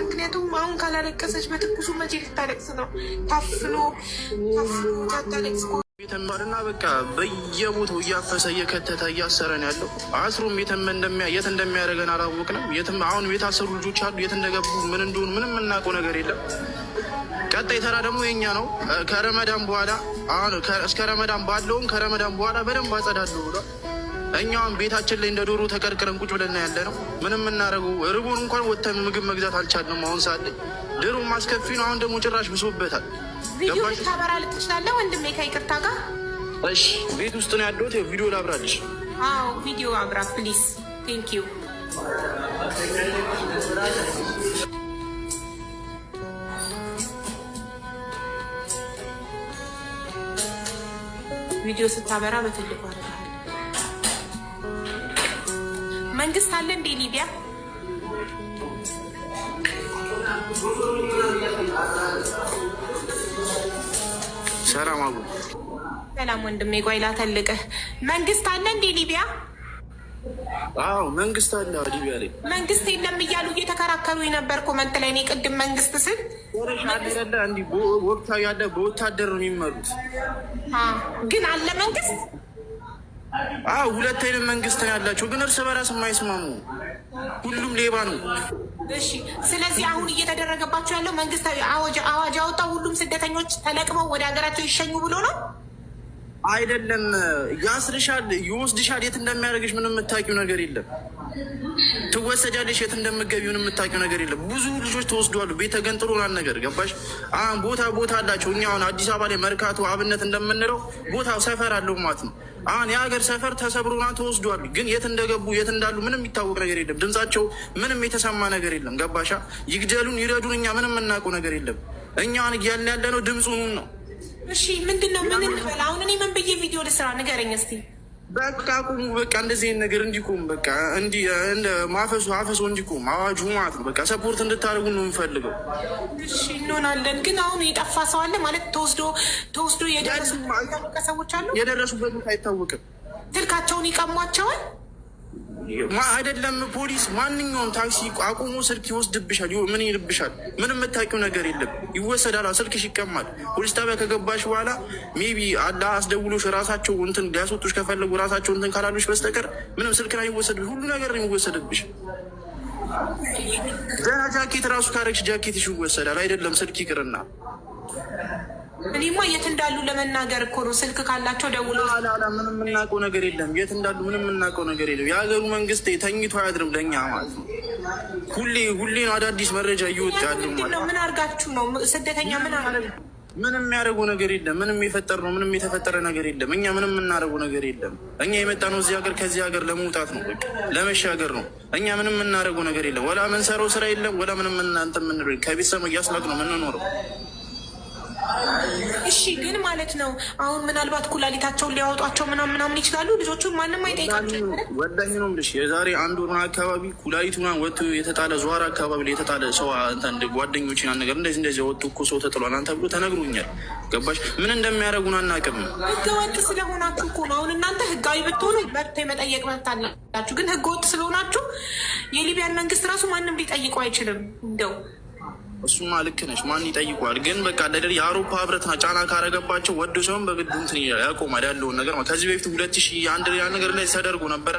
ምክንያቱም አሁን ካላለቀሰች በትኩሱ መቼ ልታለቅስ ነው? ታፍኖ ታለቅስ በቃ በየቦታው እያፈሰ እየከተተ እያሰረን ያለው አስሩም የት እንደሚያደርገን አላወቅንም። የትም አሁን የታሰሩ ልጆች አሉ። የት እንደገቡ ምን እንደሆኑ ምንም የምናውቀው ነገር የለም። ቀጣይ ተራ ደግሞ የኛ ነው። ከረመዳን በኋላ እስከ ረመዳን ባለውም ከረመዳን በኋላ በደንብ አጸዳለሁ ብሏል። እኛውም ቤታችን ላይ እንደ ዶሮ ተቀርቅረን ቁጭ ብለና ያለ ነው። ምንም የምናደርገው ርቦን እንኳን ወጥተን ምግብ መግዛት አልቻልንም። አሁን ሳለ ላይ ድሮ ማስከፊ ነው። አሁን ደግሞ ጭራሽ ብሶበታል። ቪዲዮ ልታበራልጥ ትችላለህ ወንድሜ ከይቅርታ ጋር? እሺ ቤት ውስጥ ነው ያለሁት። ቪዲዮ ላብራልሽ። አዎ ቪዲዮ አብራ ፕሊዝ። ቴንክ ዩ ቪዲዮ ስታበራ በትልቁ አረጋለሁ መንግስት አለ እንዴ ሊቢያ? ሰላም አቡ ሰላም ወንድሜ፣ ጓይላ ተልቀ መንግስት አለ እንዴ ሊቢያ? አዎ መንግስት አለ ሊቢያ ላይ። መንግስት የለም እያሉ እየተከራከሩ የነበር ኮመንት ላይ እኔ ቅድም መንግስት ስል ወቅታዊ ያለ በወታደር ነው የሚመሩት፣ ግን አለ መንግስት አዎ ሁለት አይነት መንግስት ነው ያላቸው፣ ግን እርስ በራስ የማይስማሙ ሁሉም ሌባ ነው። እሺ፣ ስለዚህ አሁን እየተደረገባቸው ያለው መንግስት አዋጅ አወጣ፣ ሁሉም ስደተኞች ተለቅመው ወደ ሀገራቸው ይሸኙ ብሎ ነው። አይደለም ያስርሻል፣ ይወስድሻል። የት እንደሚያደርግሽ ምንም የምታውቂው ነገር የለም። ትወሰጃለሽ፣ የት ምንም የምታውቂው ነገር የለም። ብዙ ልጆች ተወስደዋሉ። ቤተ ናን ነገር ገባሽ? ቦታ ቦታ አላቸው። እኛ አሁን አዲስ አበባ ላይ መርካቶ አብነት እንደምንለው ቦታ ሰፈር አለው ማለት ነው። አሁን የሀገር ሰፈር ተሰብሮና ተወስዷል። ግን የት እንደገቡ የት እንዳሉ ምንም የሚታወቅ ነገር የለም። ድምጻቸው ምንም የተሰማ ነገር የለም። ገባሻ? ይግደሉን፣ ይረዱን፣ እኛ ምንም የምናውቀው ነገር የለም። እኛ ያለ ያለነው ድምፁን ነው እሺ ምንድን ነው? ምን እንበል አሁን? እኔ ምን ብዬ ቪዲዮ ልስራ? ንገረኝ በቃ በቃ እንደዚህ አይነት ነገር እንዲቆም፣ በቃ ማፈሱ አፈሶ እንዲቆም አዋጁ ማለት ነው። በቃ ሰፖርት እንድታደርጉ ነው የምፈልገው። እሺ እንሆናለን፣ ግን አሁን የጠፋ ሰው አለ ማለት ተወስዶ ተወስዶ የደረሱ ሰዎች አሉ። የደረሱበት አይታወቅም። ስልካቸውን ይቀሟቸዋል። አይደለም ፖሊስ ማንኛውም ታክሲ አቁሞ ስልክ ይወስድብሻል። ምን ይልብሻል? ምንም የምታውቂው ነገር የለም። ይወሰዳል፣ ስልክሽ ይቀማል። ፖሊስ ጣቢያ ከገባሽ በኋላ ሜቢ አላ አስደውሎሽ ራሳቸው እንትን ሊያስወጡሽ ከፈለጉ ራሳቸው እንትን ካላሉሽ በስተቀር ምንም ላይ ይወሰድብሽ፣ ሁሉ ነገር ይወሰድብሽ። ገና ጃኬት ራሱ ካረግሽ ጃኬትሽ ይወሰዳል። አይደለም ስልክ ይቅርና እኔማ የት እንዳሉ ለመናገር እኮ ነው። ስልክ ካላቸው ደውሎ ምንም የምናውቀው ነገር የለም። የት እንዳሉ ምንም የምናውቀው ነገር የለም። የሀገሩ መንግስት ተኝቶ አያድርም ለእኛ ማለት ነው። ሁሌ ሁሌን አዳዲስ መረጃ እየወጣ ያለ ምን አርጋችሁ ነው ስደተኛ? ምን ምንም የሚያደርገው ነገር የለም። ምንም የፈጠር ነው ምንም የተፈጠረ ነገር የለም። እኛ ምንም የምናደርገው ነገር የለም። እኛ የመጣ ነው እዚህ ሀገር ከዚህ ሀገር ለመውጣት ነው ለመሻገር ነው። እኛ ምንም የምናደርገው ነገር የለም። ወላ ምንሰራው ስራ የለም። ወላ ምንም እናንተ ምንድ ከቤተሰብ እያስላቅ ነው የምንኖረው እሺ ግን ማለት ነው አሁን ምናልባት ኩላሊታቸውን ሊያወጧቸው ምናምን ምናምን ይችላሉ። ልጆቹ ማንም አይጠይቃቸው። ወላሂ ነው የምልሽ የዛሬ አንድ ወር አካባቢ ኩላሊቱ ምናምን ወጥቶ የተጣለ ዘዋር አካባቢ ላይ የተጣለ ሰው ጓደኞች ጓደኞችን ነገር እንደዚህ እንደዚህ ወጡ እኮ ሰው ተጥሏል ተብሎ ተነግሮኛል። ገባሽ? ምን እንደሚያደርጉን አናውቅም። ህገ ወጥ ስለሆናችሁ እኮ ነው። አሁን እናንተ ህጋዊ ብትሆኑ መብት የመጠየቅ መብት አላችሁ። ግን ህገ ወጥ ስለሆናችሁ የሊቢያን መንግስት ራሱ ማንም ሊጠይቁ አይችልም እንደው እሱማ ልክ ነች። ማን ይጠይቋል? ግን በቃ ለደር የአውሮፓ ህብረት ጫና ካረገባቸው ወዶ ሲሆን በግድ እንትን ያቆማል ያለውን ነገር ከዚህ በፊት ሁለት ሺ አንድ ያ ነገር ላይ ተደርጎ ነበር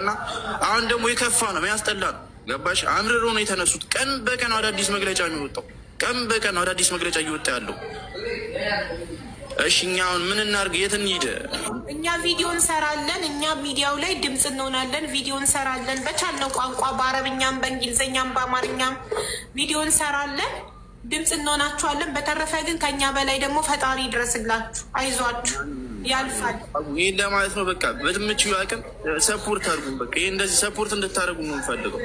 አሁን ደግሞ የከፋ ነው ያስጠላ ነው። ገባሽ? አምርሮ ነው የተነሱት። ቀን በቀን አዳዲስ መግለጫ የሚወጣው ቀን በቀን አዳዲስ መግለጫ እየወጣ ያለው እሺ እኛ አሁን ምን እናርግ? የት እንሂድ? እኛ ቪዲዮ እንሰራለን። እኛ ሚዲያው ላይ ድምፅ እንሆናለን። ቪዲዮ እንሰራለን በቻልነው ቋንቋ በአረብኛም፣ በእንግሊዝኛም፣ በአማርኛም ቪዲዮ እንሰራለን። ድምፅ እንሆናችኋለን። በተረፈ ግን ከኛ በላይ ደግሞ ፈጣሪ ይድረስላችሁ፣ አይዟችሁ፣ ያልፋል። ይህን ለማለት ነው። በቃ በምችሉ አቅም ሰፖርት አርጉ። በቃ ይህ እንደዚህ ሰፖርት እንድታደርጉ ነው እንፈልገው።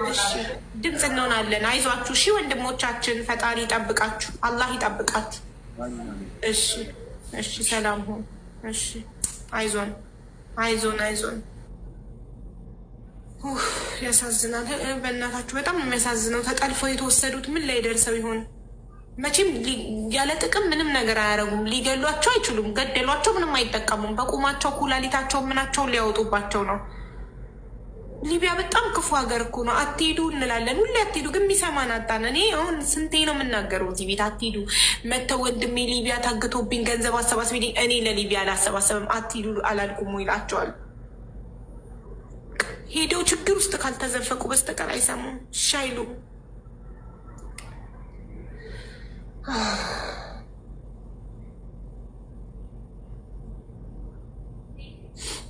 ድምፅ እንሆናለን። አይዟችሁ። እሺ ወንድሞቻችን፣ ፈጣሪ ይጠብቃችሁ፣ አላህ ይጠብቃችሁ። እሺ፣ እሺ፣ ሰላም ሆን። እሺ፣ አይዞን፣ አይዞን፣ አይዞን። ያሳዝናል። በእናታችሁ በጣም የሚያሳዝነው። ተጠልፈው የተወሰዱት ምን ላይ ደርሰው ይሆን? መቼም ያለ ጥቅም ምንም ነገር አያደርጉም። ሊገሏቸው አይችሉም። ገደሏቸው ምንም አይጠቀሙም። በቁማቸው ኩላሊታቸው ምናቸውን ሊያወጡባቸው ነው። ሊቢያ በጣም ክፉ ሀገር እኮ ነው። አትሄዱ እንላለን ሁሌ አትሄዱ፣ ግን የሚሰማን አጣን። እኔ አሁን ስንቴ ነው የምናገረው እዚህ ቤት አትሄዱ መተው ወንድሜ ሊቢያ ታግቶብኝ ገንዘብ አሰባስቢ፣ እኔ ለሊቢያ አላሰባሰብም አትሄዱ አላልኩም ይላቸዋል። ሄደው ችግር ውስጥ ካልተዘፈቁ በስተቀር አይሰሙም ሻይሉ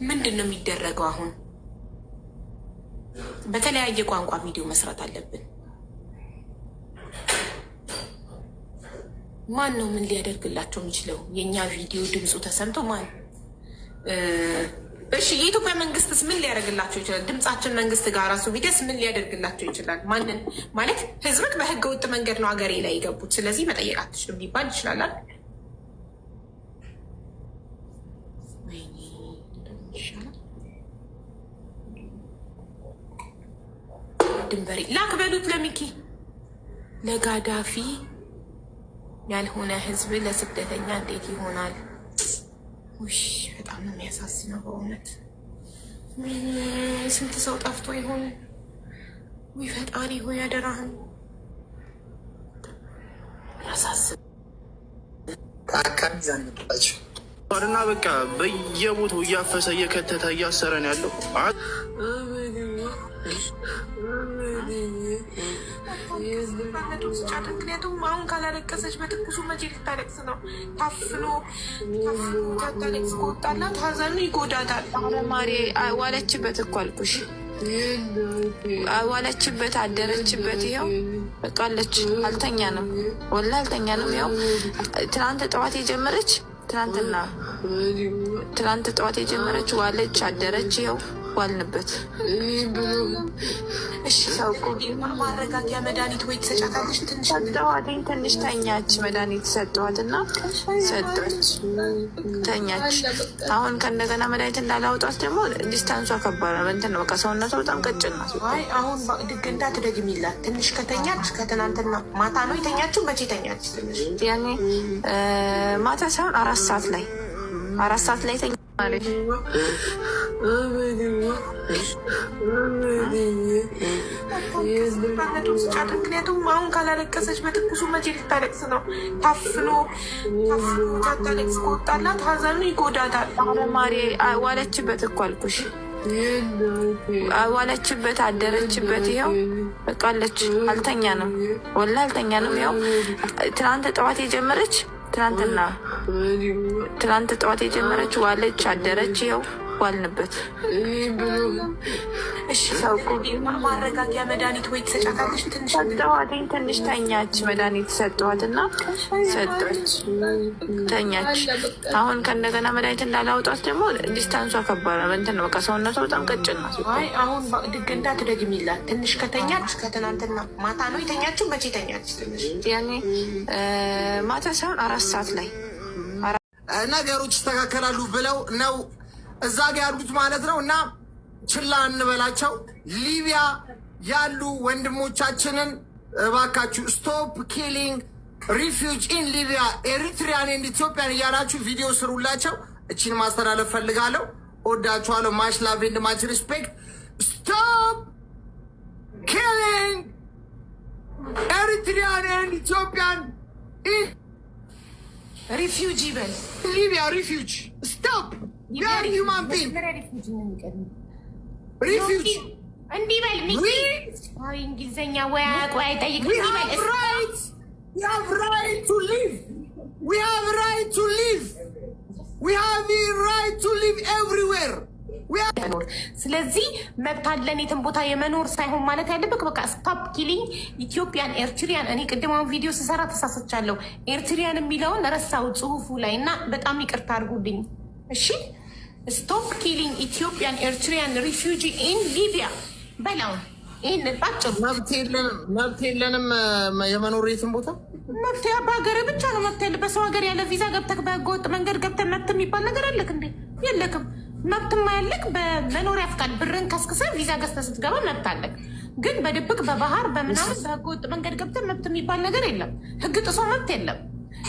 ምንድን ነው የሚደረገው? አሁን በተለያየ ቋንቋ ቪዲዮ መስራት አለብን። ማን ነው ምን ሊያደርግላቸው የሚችለው? የእኛ ቪዲዮ ድምፁ ተሰምቶ ማን እሺ የኢትዮጵያ መንግስትስ ምን ሊያደርግላቸው ይችላል? ድምፃችን መንግስት ጋር ራሱ ቢደስ ምን ሊያደርግላቸው ይችላል? ማንን ማለት ህዝብን በህገ ወጥ መንገድ ነው ሀገሬ ላይ የገቡት፣ ስለዚህ መጠየቅ አትችሉም ሊባል ይችላላል። ድንበሬ ላክ በሉት ለሚኪ ለጋዳፊ ያልሆነ ህዝብ ለስደተኛ እንዴት ይሆናል? ውይ በጣም ነው የሚያሳዝነው በእውነት ስንት ሰው ጠፍቶ ይሆን? ውይ ፈጣሪ ሆይ አደራህን ና በቃ በየቦታው እያፈሰ እየከተተ እያሰረን ያለው ምክንያቱም አሁን ካላለቀሰች በትኩሱ መቼ ልታለቅስ ነው? ታፍኖ ከወጣላት ሀዘኑ ይጎዳታል። ማሪ ዋለችበት እኮ አልኩሽ፣ ዋለችበት፣ አደረችበት። ይኸው በቃለች። አልተኛ ነው ወላ አልተኛ ነው። ይኸው ትናንት ጠዋት የጀመረች ትናንትና ትናንት ጠዋት የጀመረች ዋለች፣ አደረች። ይኸው ዋልንበት ማረጋጊያ መድኃኒት ወይ ትሰጫታለሽ? ትንሽ ሰጠኋትኝ። ትንሽ ተኛች፣ መድኃኒት ሰጠኋት እና ሰጠች፣ ተኛች። አሁን ከእንደገና መድኃኒት እንዳላውጣት ደግሞ ዲስታንሷ ከባድ ነው። እንትን ነው በቃ ሰውነቷ በጣም ቀጭን ናት። አይ አሁን እንዳትደግሚላት። ትንሽ ከተኛች ከትናንትና ማታ ነው የተኛችው። መቼ ተኛች? ያኔ ማታ ሳይሆን አራት ሰዓት ላይ አራት ሰዓት ላይ ተኛ ምክንያቱም አሁን ካላለቀሰች በትኩሱ መቼ ልታለቅስ ነው? ታፍኖ ታለቅስ ከወጣላት ሀዘኑ ይጎዳታል። ማሪ ዋለችበት እኮ አልኩሽ፣ ዋለችበት፣ አደረችበት። ይኸው በቃለች። አልተኛ ነው ወላ አልተኛ ነው። ይኸው ትናንት ጠዋት የጀመረች ትናንትና ትናንት ጠዋት የጀመረች ዋለች፣ አደረች። ይኸው ዋልንበት። ማረጋጊያ መድኃኒት ወይ ትሰጫታለሽ? ትንሽ ሰጠዋትኝ። ትንሽ ተኛች፣ መድኃኒት ሰጠዋት እና ሰጠች፣ ተኛች። አሁን ከእንደገና መድኃኒት እንዳላውጧት ደግሞ ዲስታንሷ ከባድ ነው። እንትን ነው በቃ ሰውነቷ በጣም ቀጭን ነው። አይ አሁን ድግንዳ ይላል። ትንሽ ከተኛች ከትናንትና ማታ ነው የተኛችው። መቼ ተኛች? ያኔ ማታ ሳይሆን አራት ሰዓት ላይ ነገሮች ይስተካከላሉ ብለው ነው እዛ ጋ ያሉት ማለት ነው። እና ችላ እንበላቸው። ሊቢያ ያሉ ወንድሞቻችንን እባካችሁ ስቶፕ ኪሊንግ ሪፊጅ ኢን ሊቢያ ኤሪትሪያን ኤንድ ኢትዮጵያን እያላችሁ ቪዲዮ ስሩላቸው። እችን ማስተላለፍ ፈልጋለሁ። ወዳችኋለሁ። ማች ላቭ ኤንድ ማች ሪስፔክት። ስቶፕ ኪሊንግ ኤሪትሪያን ኤንድ ኢትዮጵያን ሪፊጅ በል ሊቢያ ሪፊጅ ስቶፕ እንዲህ በል እንግሊዝኛ ወይ ስለዚህ መብት አለን የትም ቦታ የመኖር ሳይሆን ማለት ያለበት በቃ ስታፕ ኪሊንግ ኢትዮጵያን ኤርትሪያን። እኔ ቅድም አሁን ቪዲዮ ስሰራ ተሳስቻለሁ። ኤርትሪያን የሚለውን ረሳው ጽሁፉ ላይ እና በጣም ይቅርታ አድርጉልኝ እሺ። ስቶፕ ኪሊንግ ኢትዮጵያን ኤርትሪያን ሪፊጂ ኢን ሊቢያ በላው። ይህን ባጭሩ መብት የለንም። የመኖር የትን ቦታ መብት በሀገር ብቻ ነው መብት ያለ። በሰው ሀገር ያለ ቪዛ ገብተህ በህገወጥ መንገድ ገብተህ መብት የሚባል ነገር አለክ እንዴ? የለክም። መብት ማያለክ በመኖሪያ ፍቃድ ብርን ከስክሰህ ቪዛ ገዝተህ ስትገባ መብት አለክ። ግን በድብቅ በባህር በምናምን በህገወጥ መንገድ ገብተህ መብት የሚባል ነገር የለም። ህግ ጥሶ መብት የለም።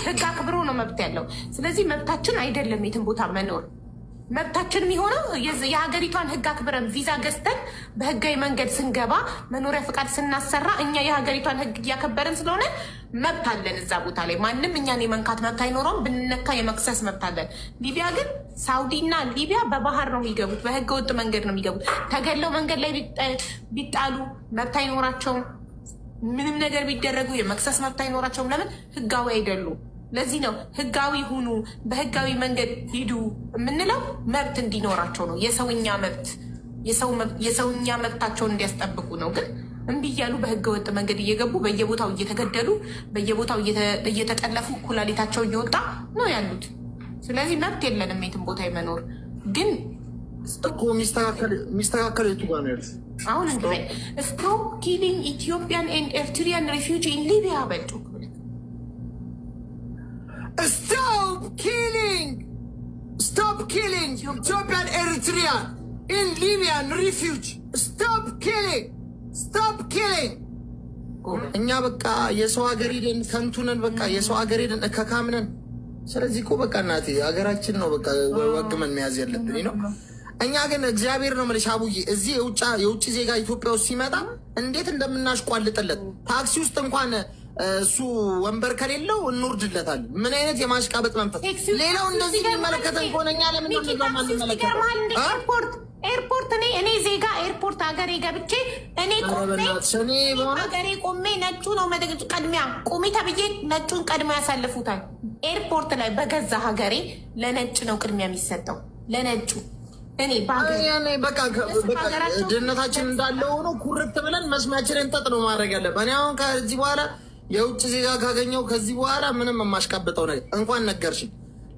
ህግ አክብሮ ነው መብት ያለው። ስለዚህ መብታችን አይደለም የትን ቦታ መኖር መብታችን የሚሆነው የሀገሪቷን ሕግ አክብረን ቪዛ ገዝተን በህጋዊ መንገድ ስንገባ መኖሪያ ፍቃድ ስናሰራ እኛ የሀገሪቷን ሕግ እያከበርን ስለሆነ መብት አለን። እዛ ቦታ ላይ ማንም እኛን የመንካት መብት አይኖረውም። ብንነካ የመክሰስ መብት አለን። ሊቢያ ግን ሳውዲ እና ሊቢያ በባህር ነው የሚገቡት፣ በህገ ወጥ መንገድ ነው የሚገቡት። ተገለው መንገድ ላይ ቢጣሉ መብት አይኖራቸውም። ምንም ነገር ቢደረጉ የመክሰስ መብት አይኖራቸውም። ለምን? ህጋዊ አይደሉም። ለዚህ ነው ህጋዊ ሁኑ፣ በህጋዊ መንገድ ሂዱ የምንለው መብት እንዲኖራቸው ነው። የሰውኛ መብት የሰውኛ መብታቸውን እንዲያስጠብቁ ነው። ግን እምቢ እያሉ በህገወጥ መንገድ እየገቡ በየቦታው እየተገደሉ በየቦታው እየተጠለፉ ኩላሊታቸው እየወጣ ነው ያሉት። ስለዚህ መብት የለንም የትም ቦታ የመኖር ግን ሚስተካከል የቱ ያሉት? አሁን እንግዲህ ስትሮፕ ኪሊንግ ኢትዮጵያን ኤንድ ኤርትሪያን ሪፊጂ ኢን ሊቢያ በጡ killing! ስቶፕ killing Ethiopian ኤሪትሪያን in Libyan refuge! Stop killing! Stop killing! እኛ በቃ የሰው ሀገር ሄደን ከንቱ ነን። በቃ የሰው ሀገር ሄደን እከካምነን። ስለዚህ እኮ በቃ እናቴ ሀገራችን ነው በቃ ወግመን መያዝ ያለብን ነው። እኛ ግን እግዚአብሔር ነው የምልሽ አቡዬ፣ እዚህ የውጭ ዜጋ ኢትዮጵያ ውስጥ ሲመጣ እንዴት እንደምናሽቋልጥለት ታክሲ ውስጥ እንኳን እሱ ወንበር ከሌለው እንውርድለታል። ምን አይነት የማሽቃበጥ መንፈስ! ሌላው እንደዚህ የሚመለከተን ከሆነ እኛ ለምን ኤርፖርት እኔ እኔ ዜጋ ኤርፖርት ሀገሬ ገብቼ እኔ ሀገሬ ቆሜ ነጩ ነው መደ ቀድሚያ ቁሚ ተብዬ ነጩን ቀድሚያ ያሳልፉታል። ኤርፖርት ላይ በገዛ ሀገሬ ለነጭ ነው ቅድሚያ የሚሰጠው ለነጩ እኔ ድህነታችን እንዳለ ሆኖ ኩርት ብለን መስሚያችንን ጠጥ ነው ማድረግ ያለብን። እኔ አሁን ከዚህ በኋላ የውጭ ዜጋ ካገኘው ከዚህ በኋላ ምንም የማሽቃበጠው ነገር እንኳን ነገርሽኝ።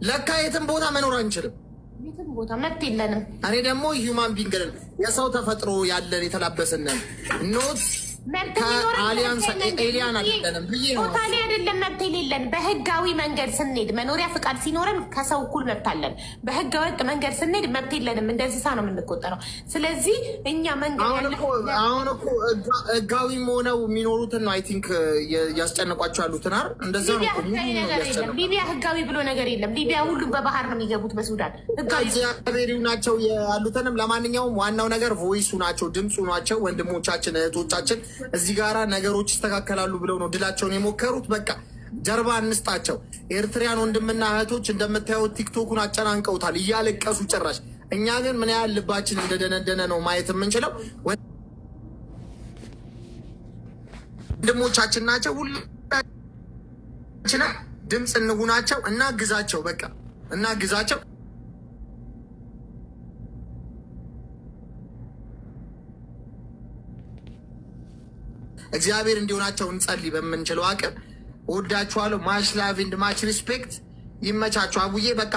ለካ የትም ቦታ መኖር አንችልም፣ የትም ቦታ መብት የለንም። እኔ ደግሞ ሂውማን ቢንግ የሰው ተፈጥሮ ያለን የተላበስነን ኖት ቶታሊ አይደለም መብት የሌለን። በህጋዊ መንገድ ስንሄድ መኖሪያ ፍቃድ ሲኖረን ከሰው እኩል መብት አለን። በህገ ወጥ መንገድ ስንሄድ መብት የለንም። እንደ እንስሳ ነው የምንቆጠረው። ስለዚህ እኛ መንገድ አሁን እኮ ህጋዊ ሆነው የሚኖሩትን አይ ቲንክ ያስጨነቋቸው ያሉትን አይደል? እንደዛ ነው ሊቢያ ህጋዊ ብሎ ነገር የለም። ሊቢያ ሁሉም በባህር ነው የሚገቡት። በሱዳን ህጋዊ ናቸው ያሉትንም። ለማንኛውም ዋናው ነገር ቮይሱ ናቸው፣ ድምፁ ናቸው፣ ወንድሞቻችን እህቶቻችን እዚህ ጋራ ነገሮች ይስተካከላሉ ብለው ነው ድላቸውን የሞከሩት። በቃ ጀርባ እንስጣቸው። ኤርትሪያን ወንድምና እህቶች እንደምታዩት ቲክቶኩን አጨናንቀውታል፣ እያለቀሱ ጭራሽ። እኛ ግን ምን ያህል ልባችን እንደደነደነ ነው ማየት የምንችለው። ወንድሞቻችን ናቸው፣ ሁላችንም ድምፅ እንሁናቸው፣ እናግዛቸው፣ በቃ እናግዛቸው። እግዚአብሔር እንዲሆናቸው እንጸልይ በምንችለው አቅም። ወዳችኋለሁ። ማች ላቭ ኤንድ ማች ሪስፔክት። ይመቻችሁ። አቡዬ በቃ